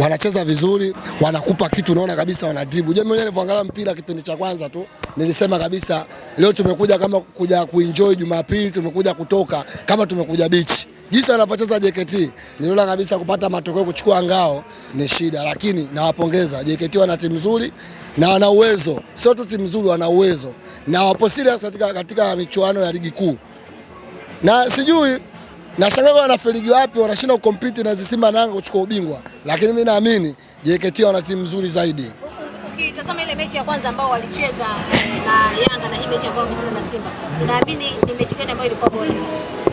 wanacheza vizuri, wanakupa kitu, unaona kabisa wana dribble. Mimi mwenyewe nilipoangalia mpira kipindi cha kwanza tu nilisema kabisa leo tumekuja kama kuja kuenjoy Jumapili, tumekuja kutoka kama tumekuja bichi. Jinsi wanavyocheza JKT niliona kabisa kupata matokeo kuchukua ngao ni shida, lakini nawapongeza JKT, wana timu nzuri na wana uwezo, sio tu timu nzuri, wana uwezo na wapo serious katika, katika michuano ya ligi kuu na sijui Nashangaa wanafeli wapi wanashinda kukompiti na Simba na Yanga kuchukua ubingwa. Lakini mimi naamini JKT wana timu nzuri zaidi. Ukitazama ile mechi ya kwanza ambao walicheza eh, na Yanga na hii mechi ambayo wamecheza na Simba, unaamini ni mechi gani ambayo ilikuwa bora sana?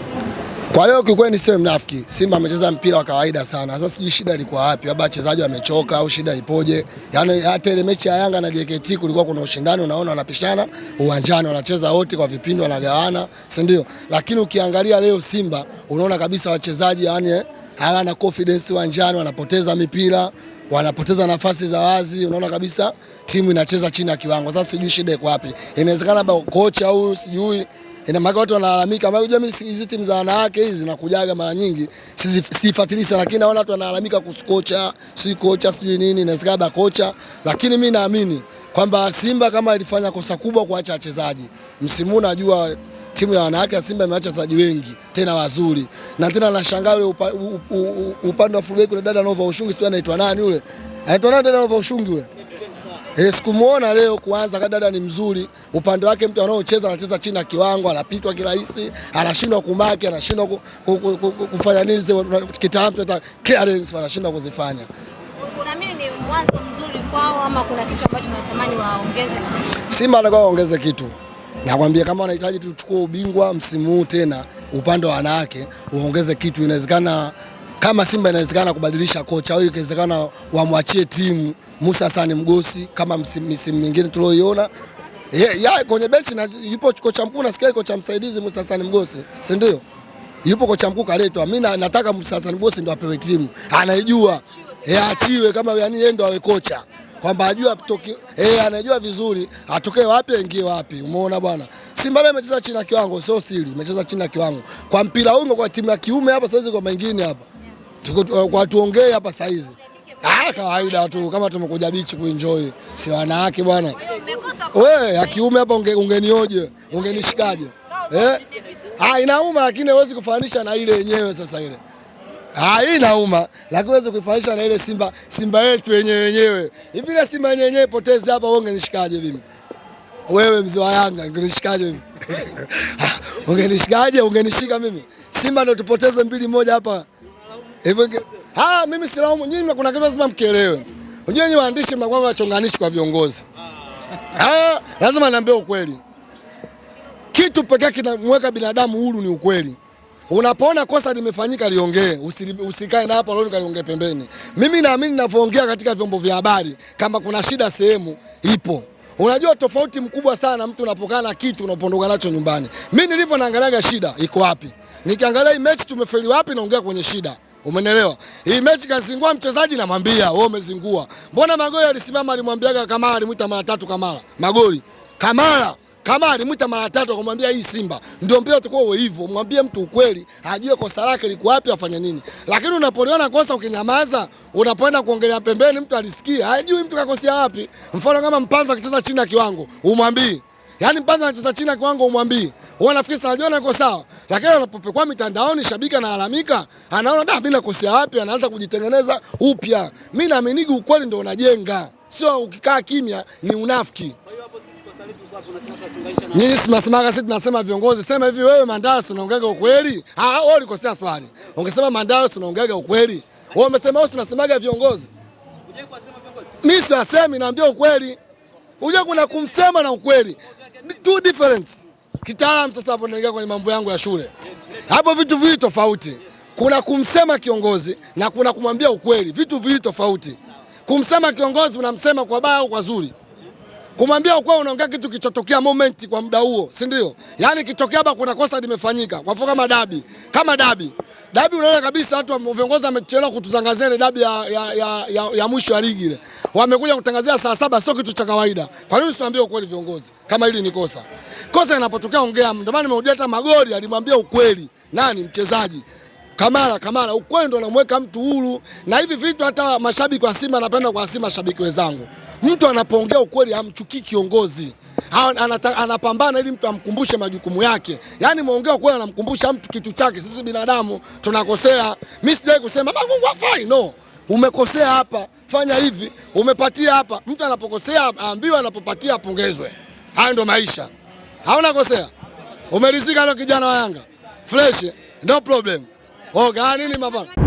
Kwa hiyo kiukweli niseme mnafiki, Simba amecheza mpira wa kawaida sana. Sasa sijui shida ilikuwa wapi, labda wachezaji wamechoka au shida ipoje? Yaani hata ile mechi ya Yanga na JKT kulikuwa kuna ushindani, unaona wanapishana uwanjani, wanacheza wote kwa vipindi, wanagawana, si ndio? Lakini ukiangalia leo Simba unaona kabisa wachezaji yani eh, hawana confidence uwanjani, wanapoteza mipira wanapoteza nafasi za wazi, unaona kabisa timu inacheza chini ya kiwango. Sasa sijui shida iko wapi, inawezekana kocha huyu sijui Ina maana watu wanalalamika, unajua mimi hizi timu za wanawake hizi zinakujaga mara nyingi sifuatilii sana, lakini naona watu wanalalamika kuhusu kocha, si kocha, sijui nini, na inawezekana kocha, lakini mimi naamini kwamba Simba kama ilifanya kosa kubwa kuacha wachezaji msimu huu, najua timu ya wanawake ya Simba imeacha wachezaji wengi tena wazuri, na tena nashangaa ule upande upa, upa, upa, upa, wa fullback yule dada Nova Ushungi, sio anaitwa nani ule, anaitwa nani dada Nova Ushungi ule E, eh, sikumwona leo kuanza kadada ni mzuri upande wake, mtu anaocheza anacheza chini ya kiwango, anapitwa kirahisi, anashindwa kumaki, anashindwa ku, ku, ku, ku, kufanya nini kitaalamu tunaita clearance, anashindwa kuzifanya. Unaamini ni mwanzo mzuri kwao ama kuna kitu ambacho natamani waongeze? Simba atakuwa waongeze kitu, nakwambia kama wanahitaji tuchukue ubingwa msimu huu tena, upande wa wanawake waongeze kitu, inawezekana kama Simba inawezekana kubadilisha kocha au ikiwezekana wamwachie timu Musa Sani Mgosi kama msimu mingine tulioiona yeah, kwenye benchi na yupo kocha mkuu, nasikia kocha msaidizi Musa Sani Mgosi, si ndio? Yupo kocha mkuu kaletwa. Mimi nataka Musa Sani Mgosi ndio apewe timu, anaijua achiwe kama yani yeye ndio awe kocha kwamba ajua kutoki eh, anajua vizuri atokee wapi aingie wapi. Umeona bwana, Simba leo imecheza chini ya kiwango, sio siri, imecheza chini ya kiwango kwa mpira huu, kwa timu ya kiume hapa sasa, kwa mengine hapa kwa tuongee hapa saa hizi. Ah, kawaida tu kama tumekuja bichi kuenjoy, si wanawake bwana. Wewe ya kiume hapa ungenioje? Ungenishikaje? Eh? Ah, inauma lakini haiwezi kufanisha na ile yenyewe sasa ile. Ah, hii inauma lakini haiwezi kufanisha na ile Simba Simba yetu yenyewe yenyewe. Hivi na Simba yenyewe potezi hapa wewe ungenishikaje mimi? Wewe mzee wa Yanga ungenishikaje mimi? Ah, ungenishikaje? Ungenishika mimi? Simba ndio tupoteze mbili moja hapa. Hivyo ah, mimi silaumu nyinyi, kuna kitu lazima mkielewe. Unajua nyinyi waandishi mnakuwa mnachonganishi kwa viongozi. Ah, lazima niambie ukweli. Kitu pekee kinamweka binadamu huru ni ukweli. Unapoona kosa limefanyika liongee, usikae na hapa leo kaliongee pembeni. Mimi naamini ninavyoongea katika vyombo vya habari kama kuna shida sehemu ipo. Unajua tofauti mkubwa sana mtu unapokaa na kitu unapondoka nacho nyumbani. Mimi nilivyo naangalia shida iko wapi. Nikiangalia hii mechi tumefeli wapi naongea kwenye shida. Umenelewa? Hii mechi kazingua mchezaji namwambia wewe umezingua. Mbona Magoli alisimama alimwambiaga Kamara alimuita mara tatu Kamara. Magoli. Kamara. Kamara alimuita mara tatu akamwambia hii Simba. Ndio mpira utakuwa wewe hivyo. Mwambie mtu ukweli, ajue kosa lake liko wapi afanye nini. Lakini unapoliona kosa ukinyamaza, unapoenda kuongelea pembeni mtu alisikia, hajui mtu kakosea wapi. Mfano kama Mpanza akicheza chini ya kiwango, umwambie Yaani mpanza anacheza chini kwangu umwambie. Wewe nafikiri sanajiona yuko sawa. Lakini anapopekwa mitandaoni shabiki analalamika, anaona da ah, mimi nakosea wapi, anaanza kujitengeneza upya. Mimi naamini ukweli ndio unajenga. Sio ukikaa kimya ni unafiki. Nyinyi simasimaga sisi tunasema viongozi, sema hivi wewe Mandala unaongeaga ukweli? Ah, wewe ulikosea swali. Ungesema Mandala unaongeaga ukweli. Wewe umesema wewe unasemaga viongozi. Mimi siwasemi, naambia ukweli. Unajua kuna kumsema na ukweli two difference. Kitaalamu sasa hapo naingia kwenye mambo yangu ya shule. Hapo vitu viwili tofauti. Kuna kumsema kiongozi na kuna kumwambia ukweli, vitu viwili tofauti. Kumsema kiongozi unamsema kwa baya au kwa zuri kumwambia ukweli, unaongea kitu kichotokea moment kwa muda huo, si ndio? Yani kitokea hapa kuna kosa limefanyika, kwa mfano kama dabi, kama dabi dabi, unaona kabisa watu viongozi wamechelewa kututangazia ile dabi ya, ya, ya, ya, ya mwisho ya ligi ile, wamekuja kutangazia saa saba, sio kitu cha kawaida. Kwa nini usiwaambie ukweli viongozi kama hili ni kosa? Kosa inapotokea ongea. Ndio maana nimeudia hata magoli alimwambia ukweli nani mchezaji Kamara, Kamara, ukweli ndo unamweka mtu huru, na hivi vitu hata mashabiki wa Simba napenda Simba, mashabiki wenzangu Mtu anapoongea ukweli hamchukii kiongozi Anata, anapambana ili mtu amkumbushe majukumu yake. Yaani muongea kweli anamkumbusha mtu kitu chake. Sisi binadamu tunakosea. Mimi sijai kusema baba Mungu hafai. No. Umekosea hapa, fanya hivi, umepatia hapa. Mtu anapokosea aambiwe, anapopatia apongezwe. Hayo ndo maisha. Hauna kosea. Umerizika leo kijana wa Yanga. Fresh. No problem. Oh, gani nini mabana?